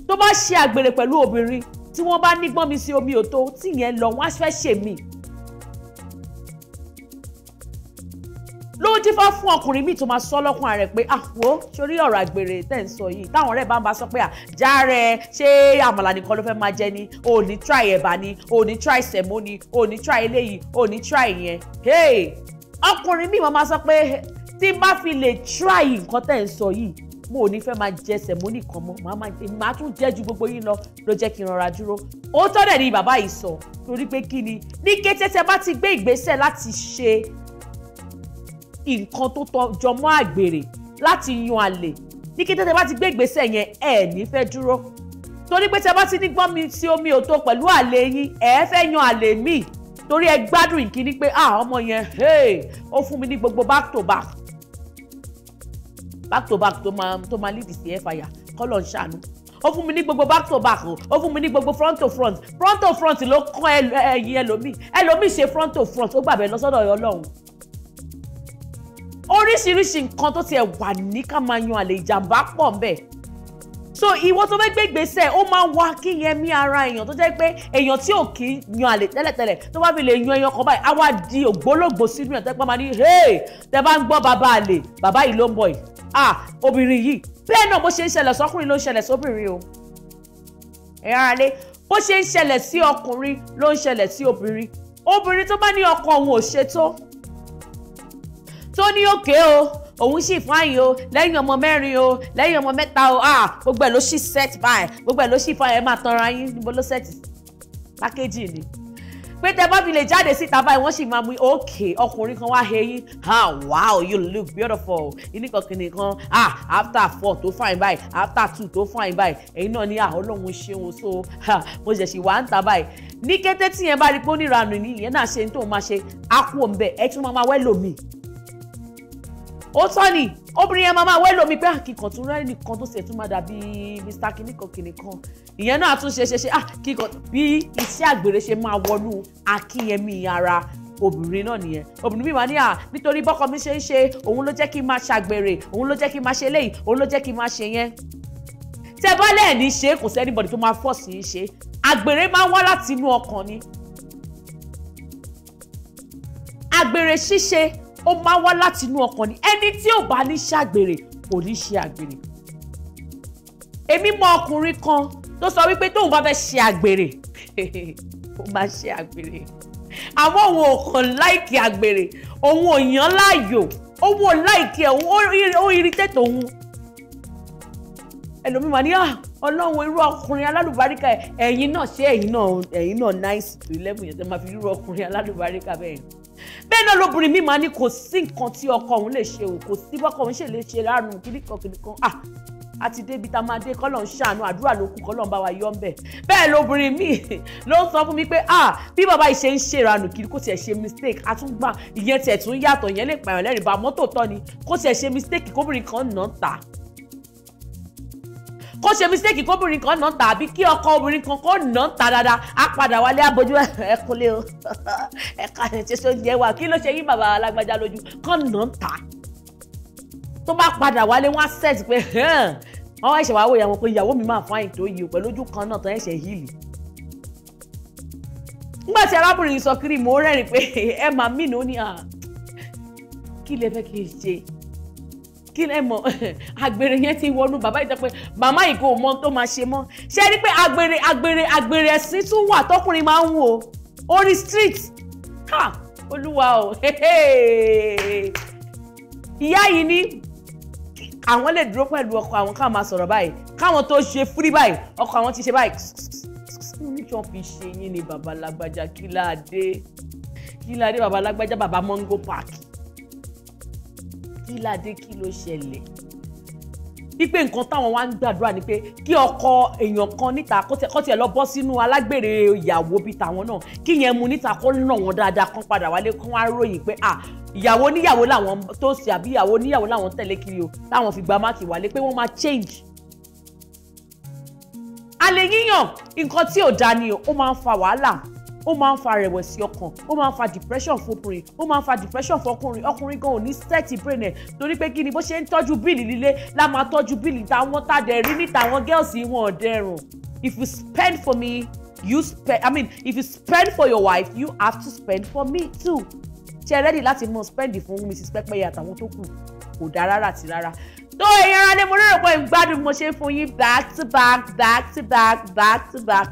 tó bá ṣe àgbèrè pẹ̀lú obìnrin tí wọ́n bá nígbọ́n mi sí omi òtó tíyẹn lọ wọ́n á fẹ́ ṣèmíì ló dífá fún ọkùnrin míì tó máa sọ lọ́kùn rẹ̀ pé àwo ah, sórí ọ̀rọ̀ àgbèrè tẹ̀ ń sọ yìí táwọn ọ̀rẹ́ bá ń bá sọ pé àjàre ah, ṣé àmàlà nìkan ló fẹ́ máa jẹ ni ò ní try ẹ̀bà ni ò ní try sẹ̀mó ni ò ní try eléyìí ò ní try yẹn ọkùnrin míì máa sọ pé tí n bá fi lè try nǹkan tẹ̀ ń sọ yìí mo ò ní fẹ́ máa jẹ sẹ̀mó nìkan mọ́ màá máa màá tún jẹ́ ju gbogbo yín lọ ló jẹ́ kí n rọra dúró ó tọ́ dẹ̀ ni bàbá yìí sọ torí pé kí ni ní kété tẹ bá ti gbé ìgbésẹ̀ láti ṣe nǹkan tó tọjọ mọ́ àgbèrè láti yan àlè ní kété tẹ bá ti gbé ìgbésẹ̀ yẹn ẹ ní fẹ́ dúró torí pé tẹ bá ti ní gbọ́n mi sí omi òtó pẹ̀lú àlè yín ẹ fẹ́ yan àlè míì torí ẹ gbádùn ìkíní pé ah ọmọ yẹn hey ó fún mi ní gbogbo back to back back to back tó máa tó máa lead sí ẹ fàyà kọ́lọ̀ ń ṣàánú ó fún mi ní gbogbo back to back o ó fún mi ní gbogbo front to front front to front ló kọ́ ẹ̀yìn ẹlòmíì ẹlòmíì ṣe front to front ó gbàgbé lọ sọ́dọ̀ Ọlọ́run oríṣiríṣi nǹkan tó tiẹ̀ wà ní ká máa yan àlè ìjàmbá pọ̀ ńbẹ̀ so ìwọ tó fẹ́ gbé gbèsè ó máa wá kí yẹn mí ara èèyàn tó jẹ́ pé èèyàn tí ò kí yan àlè tẹ́lẹ̀tẹ́lẹ̀ tó bá fi lè yan èèyàn kan báyìí á wá di ògbólógbò sínú ẹ̀ tẹ́pẹ́ máa ní hey tẹ́ bá ń gbọ́ bàbá àlè bàbá yìí ló ń bọ̀ yìí ah obìnrin yìí bẹ́ẹ̀ náà bó ṣe ń ṣẹlẹ̀ sọ́kùnrin ló ń ṣẹlẹ̀ sóbìnrin o ẹ̀yàn ara lé bó ṣe ń ṣẹlẹ̀ sí ọkùnrin ló ń ṣẹlẹ̀ sí obìnrin obìnrin tó bá ní ọkọ òun ò ṣe tó tó ní òkè o òun sì fún àyè o lẹ́yìn ọmọ mẹ́rin o lẹ́yìn ọmọ mẹ́ta o ah gbogbo ẹ̀ ló sì set by gbogbo ẹ̀ ló sì fún àyè máa tanra yín níbo ló set pákéjì ni pé tẹ bá fi lè jáde síta báyìí wọ́n sì máa mú òkè ọkùnrin kan wá heyín ah wow you look beautiful ìníkan kìnìún kan ah after four tó fine báyìí after two tó fine báyìí ẹ̀yin náà ní ah ọlọ́run ṣeun so mo ṣẹ̀ṣì wá ń ta báyìí ní kété tí yẹn bá rí pé ó níranù ní ìyẹn náà ṣe ní tóun máa ṣe á kú òun bẹ́ẹ̀ ẹ tún máa máa wẹ́ lòmíì ó tọ́ ni obìnrin yẹn máa máa wẹ́lò mi pé àkìkàn ah, tún rẹ́ nìkan tó ṣe tún máa dàbí mr kìnìkan kìnìkan ìyẹn náà tún ṣe ṣe ṣe àkìkàn ah, bí iṣẹ́ àgbèrè ṣe máa wọnú akínyẹmí ara obìnrin náà nìyẹn obìnrin mi máa ní à ah, nítorí bọ́kọ mi ṣe ń ṣe òun ló jẹ́ kí n máa ṣàgbèrè òun ló jẹ́ kí n máa ṣe léyìí òun ló jẹ́ kí n máa ṣe yẹn tẹ bá lẹ́ẹ̀ni ṣe kò sẹ́nibọ̀dì tó máa fọ́ sí í ṣe àgbèrè máa ń wá láti inú ọkàn ni àgbèrè ṣíṣe ó máa wá láti inú ọkàn ni ẹni tí ò bá ní ṣàgbèrè kò ní ṣe àgbèrè èmi mọ ọkùnrin kan tó sọ wípé tóun bá fẹ́ ṣe àgbèrè [laughs] ó máa ṣe àgbèrè àmọ́ òun ò kàn láìkí àgbèrè òun ò yàn láàyò òun ò láìkí ẹ̀ ó irritate òun ẹlòmíràn ní ah, ọlọ́run irú ọkùnrin alálùbáríkà ẹ̀yin náà ṣé ẹ̀yin náà ẹ̀yin náà nice to eleven yẹn tẹ́ máa fi irú ọkùnrin alálùbáríkà bẹ́ẹ̀ yẹn bẹ́ẹ̀ náà lóbìnrin mi máa ní kò sí nǹkan tí ọkọ òun lè ṣe o kò sí bọ́kọ òun ṣe lè ṣe láàrùn kíníkan kíníkan ah àti débi tá a máa dé kọ́lọ̀ ń ṣàánú àdúrà ló kù kọ́lọ̀ ń bá wa yọ ọ́ bẹ̀. bẹ́ẹ̀ lóbìnrin mi ló ń sọ fún mi pé ah bí bàbá yìí ṣe ń ṣèrànù kiri kó tiẹ̀ ṣe mistake a tún gbà ìyẹn tiẹ̀ tún yàtọ̀ ìyẹn lè pààyàn lẹ́rìn bá mọ́tò tọ́ ni kó tiẹ̀ ṣe mistake kóbìnrin kan nà ta kó ṣe mistake kóbìnrin kan náà ta àbí kí ọkọ obìnrin kan kó náà ta dáadáa á padà wálé àbójú ẹ kúnlé o [laughs] ẹ ká ẹ ṣe sóúnjẹ wa kí ló ṣe yí bàbá alágbájá lójú kán náà ta tó bá padà wálé wọn á set pé wọn ẹ̀ṣẹ̀ wá wò ìyàwó pé ìyàwó mi máa fáyìn tó yìí pẹ̀lú ojú kan náà tó ẹ̀ṣẹ̀ hìlì nígbà tí arábìnrin sọ kiri mo rẹ́rìn pé ẹ máa mí ní ó ní à ah, kí lè fẹ́ kí n ṣe kí lẹ mọ̀ [laughs] àgbèrè yẹn ti wọnú bàbá yìí pé màmá yìí kò mọ tó máa ṣe mọ́ ṣe rí pé àgbèrè àgbèrè àgbèrè ẹ̀sìn tún wà tọkùnrin máa ń wò orí street ha olúwa o [laughs] ìyá yìí ní àwọn lè dúró pẹ̀lú ọkọ àwọn káwọn máa sọ̀rọ̀ báyìí káwọn tó ṣe fúrí báyìí ọkọ àwọn ti ṣe báyìí nítorí fi ṣe yín ni bàbá kí láadé kí láadé bàbá lágbájá bàbá mọ́ngò kí ládé kí ló ṣẹlẹ̀ wípé nǹkan táwọn wá ń gbàdúrà ni pé kí ọkọ èèyàn kan níta kó tiẹ̀ lọ bọ́ sínú alágbèrè ìyàwó bíi tàwọn náà kí yẹn mu níta kó nà wọ́n dáadáa kán padà wálé kán wá ròyìn pé à ìyàwó níyàwó làwọn tó ṣe àbí ìyàwó níyàwó làwọn tẹ̀lé kiri o táwọn fi gba máàkì wálé pé wọ́n máa change. àlè yíyan nǹkan tí ò dáa ni ó máa ń fa wàhálà ó máa ń fa rẹ̀wẹ̀sì ọkàn ó máa ń fa depression fọkùnrin ó máa ń fa depression fọkùnrin ọkùnrin gan ò ní sẹ́ẹ̀tì brain ẹ̀ torí pé kí ni bó ṣe ń tọ́jú bíìlì líle la máa tọ́jú bíìlì táwọn tàdẹ̀ rí ní tàwọn girls wọn ò if you spend for me you spend i mean if you spend for your wife you have to spend for me too ṣe ẹ rẹ́dì láti mọ spend fún mrs pẹ́pẹ́yẹ àtàwọn tó kù kò dáa rárá àti rárá tó èèyàn ni mo lérò pé ìgbádùn mo ṣe fún yín back to back back to back back to back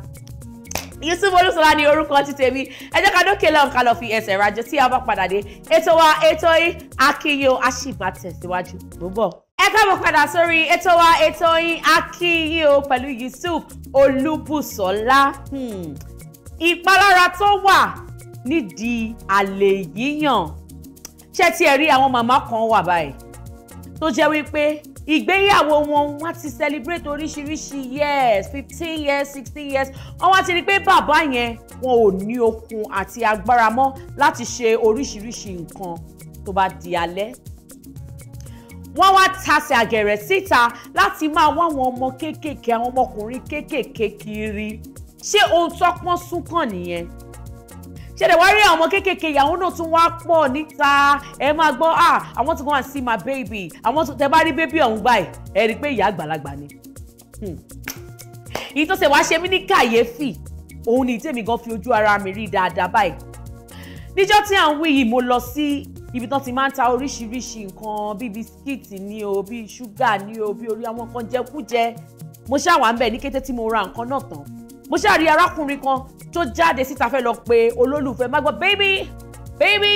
yusuf olúṣọlá ni orúkọ ti tèmi ẹ jẹ́ ká dókè lẹ́hìn ká lọ fi ẹsẹ̀ rajọ tí a bá padà dé ètò wa ètò yìí akínyìn a sì máa tẹ̀síwájú gbogbo ẹ káàbọ̀ padà sórí ètò wa ètò yìí akínyìn pẹ̀lú yusuf olúbùsọ̀lá hmm. ìpalára tó wà nídìí àlè yíyàn ṣé tí ẹ rí àwọn màmá kan wà báyìí tó jẹ́ wípé ìgbéyàwó wọn wọ́n ti celebrate oríṣiríṣi years fifteen years sixteen years wọ́n wá ti rí i pé bàbá yẹn wọn ò ní okun àti agbára mọ́ láti ṣe oríṣiríṣi nǹkan tó bá di alẹ́ wọ́n wá tasẹ̀ àgẹ̀rẹ̀ síta láti máa wá àwọn ọmọ kéékèèké àwọn ọmọkùnrin kéékèèké kiri ṣé ohun tọ́pọ́n sún kàn nìyẹn ṣẹlẹ̀ wá rí àwọn kéékèèké ìyàwó náà tún wá pọ̀ níta ẹ máa gbọ́ ah to go and see my baby àwọn tẹ bá rí bébí ọ̀hún báyìí ẹ rí i pé ìyá àgbàlagbà ni. Hmm. èyí tó ṣe wá ṣe mí ní kàyéfì òun ni tèmi gan fi ojú ara mi rí dáadáa báyìí. níjọ́ tí à ń wí yìí mo lọ sí ibi tó ti máa ń ta oríṣiríṣi nǹkan bíi bisikíìtì ni o bíi ṣúgà ni o bíi orí àwọn nǹkan jẹkújẹ mo ṣáà ń bẹ̀ ní kété tí mo ra nǹkan náà tán mo ṣáà arákùnrin kan tó jáde síta fẹ́ lọ pé olólùfẹ́ má gbọ́ baby baby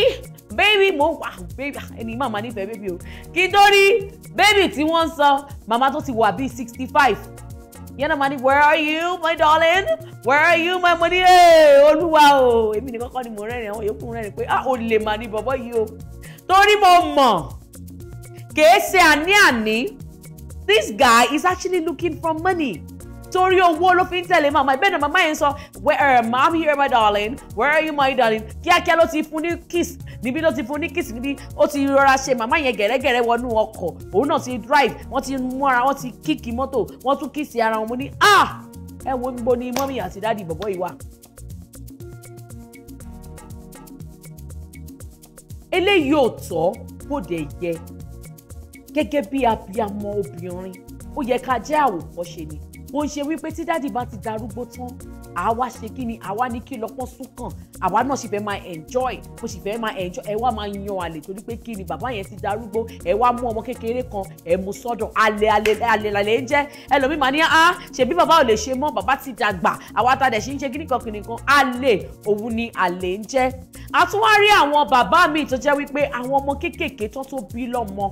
baby mo wà baby ah, ẹni màmá nífẹ̀ẹ́ baby o kí tó rí baby tí wọ́n ń sọ màmá tó ti wà bíi sixty five yẹn náà máa ní where are you my darling where are you my money ee olúwa o èmi nìkan kọ́ ni mo rẹ́rìn àwọn yòókù rẹ́rìn pé ah o lè mà ní bọ̀bọ̀ yìí o torí mo mọ̀ kèé ṣe àní àní this guy is actually looking for money torí owó ló fi ń tẹ̀lé màmá ìbẹ́ẹ̀ ni màmá yẹn sọ mom here my darling where are you my darling kíákíá ló ti fún ní kiss níbi ló ti fún ní kiss níbi ó ti rọra ṣe màmá yẹn gẹ̀rẹ́gẹ̀rẹ́ wọnú ọkọ̀ òun náà ti drive wọ́n ti mú ara wọ́n ti kíkì mọ́tò wọ́n tún kíìsì ara wọn mo ní ah ẹ wo níbo ni mọ́mì àti dáàdì bọ̀bọ́ yìí wà. eléyìí ò tọ́ bó dẹ̀ yẹ gẹ́gẹ́ bí abiyamọ obìnrin ó yẹ ká jẹ́ àwòkọ́ṣe ni kò ń ṣe wípé tí dáàdì bá ti darúgbó tán àwa ṣe kí ni àwa ní kí lọ́pọ̀ sún kàn àwa náà sì fẹ́ máa enjoy mo sì fẹ́ máa enjoy ẹ wá máa yan àlè torí pé kí ni bàbá yẹn ti darúgbó ẹ wá mú ọmọ kékeré kan ẹ mú sọ́dọ̀ àlè àlè àlè làlè ń jẹ́ ẹlòmíì máa ní á ṣebí bàbá ò lè ṣe mọ́ bàbá ti dàgbà àwa ta dẹ̀ ṣe ń ṣe kíníkan kíníkan àlè òun ni àlè ń jẹ́ àtúwárí àwọn bàbá mi tó jẹ́ wípé àwọn ọmọ kéékèèké tó tó bí lọ́mọ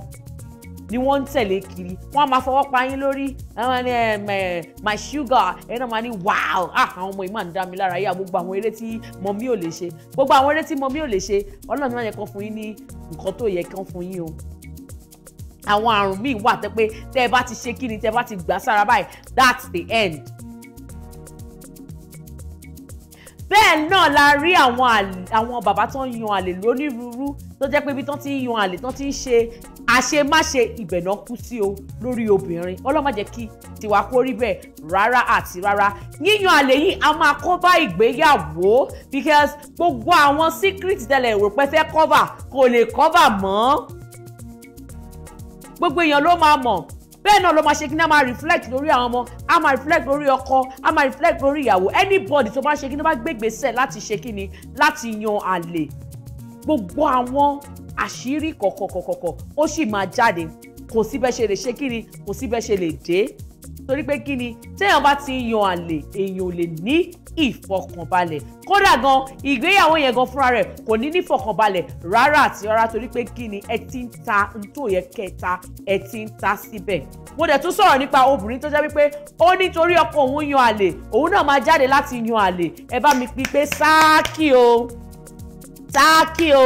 ni wọ́n ń tẹ̀lé kiri wọ́n á máa fọwọ́ pa yín lórí àwọn ẹni eh, my sugar ẹ náà máa ní wow Ah, àwọn ọmọ yìí máa ń dá mi lára yá gbogbo àwọn eré tí mọ̀mí ò lè ṣe gbogbo àwọn eré tí mọ̀mí ò lè ṣe ọlọ́run máa yẹ kán fún yín ní nǹkan tó yẹ kán fún yín o àwọn àrùn míì wà tẹ́ pé tẹ́ ẹ bá ti ṣe kí ni tẹ́ ẹ bá ti gbà sára báyìí that's the end bẹ́ẹ̀ náà la rí àwọn bàbá tó ń yan àlè lónírúurú tó jẹ́ pé ibi tán ti ń yan àlè tán ti ń ṣe àṣemáṣe ìbẹ̀nà kú sí o lórí obìnrin ọlọ́mọdé kí tiwa kó rí bẹ́ẹ̀ rárá àti rárá yíyan àlè yìí a máa kó bá ìgbéyàwó because gbogbo àwọn secret tẹ́lẹ̀ èrò pé fẹ́ cover kò lè cover mọ́ gbogbo èèyàn ló máa mọ̀ bẹ́ẹ̀ náà ló máa ṣe kí ní a máa reflect lórí àwọn ọmọ a máa reflect lórí ọkọ a máa reflect lórí ìyàwó anybody tó bá ṣe kí ní bá gbégbèsè láti ṣe kí ni láti yan àlè gbogbo àwọn àṣírí kọ̀kọ̀kọ̀kọ̀ ó sì máa jáde kò sí bẹ́ẹ̀ ṣe lè ṣe kí ni kò sí bẹ́ẹ̀ ṣe lè dé torí pé kí ni téèyàn bá ti yan àlè èèyàn ò lè ní ìfọkànbalẹ̀ kódà gan ìgbéyàwó yẹn gan fúnra rẹ̀ kò ní nífọkànbalẹ̀ rárá àti rárá torí pé kí ni ẹ ti ń ta n tó kẹta ẹ ti ń ta síbẹ̀ mo dẹ̀ tún sọ̀rọ̀ nípa obìnrin tó jẹ́ wípé ó nítorí ọkọ òun yan àlè òun náà máa jáde láti yan àlè ẹ bá mi pípé sáàkì o sáàkì o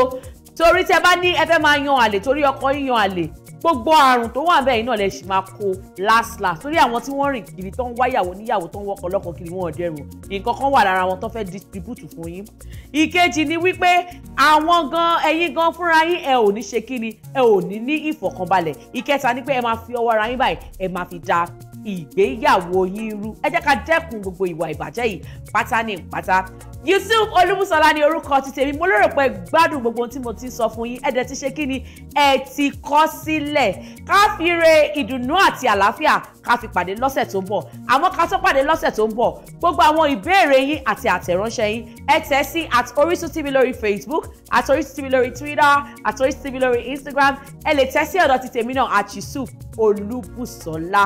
torí tẹ bá ní ẹ fẹ́ máa yan àlè torí ọkọ yín yan àlè gbogbo àrùn tó wà bẹ́ẹ̀ náà lè ṣì máa kó last last torí àwọn tí wọ́n rìn kiri tó ń wáyàwó níyàwó tó ń wọ́kọ̀ lọ́kọ̀ kiri wọn dẹrùn nǹkan kan wà lára wọn tó fẹ́ distribute fún yín. ìkejì ni wípé àwọn gan ẹ̀yin gan fúnra yín ẹ ò ní ṣe kí ni ẹ ò ní ní ìfọ̀kànbalẹ̀ ìkẹta ni pé ẹ máa fi ọwọ́ ara yín báyìí ẹ máa fi da ìgbéyàwó yín rú ẹ jẹ́ ká dẹ́kun gbogbo ìwà ìbàjẹ́ yìí pátá ní pátá Yusuf Olúbùsọlá ni orúkọ ti tèmi mo lérò pé gbádùn gbogbo ohun tí mo ti sọ fún yín ẹ ti ṣe kí ni ẹ ti kọ sílẹ̀ ká fi re ìdùnnú àti àlàáfíà ká fi pàdé lọ́sẹ̀ tó ń bọ̀ àmọ́ ká tó pàdé lọ́sẹ̀ tó ń bọ̀ gbogbo àwọn ìbéèrè yín àti àtẹ̀ránṣẹ́ yín ẹ tẹ̀ sí at Orisun TV lórí Facebook at Orisun TV lórí Twitter at Orisun TV lórí Instagram ẹ lè tẹ̀ sí ọ̀dọ̀ ti tèmi náà at Yusuf Olúbùsọlá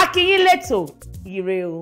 akínyìn lẹ́tọ̀ ire o.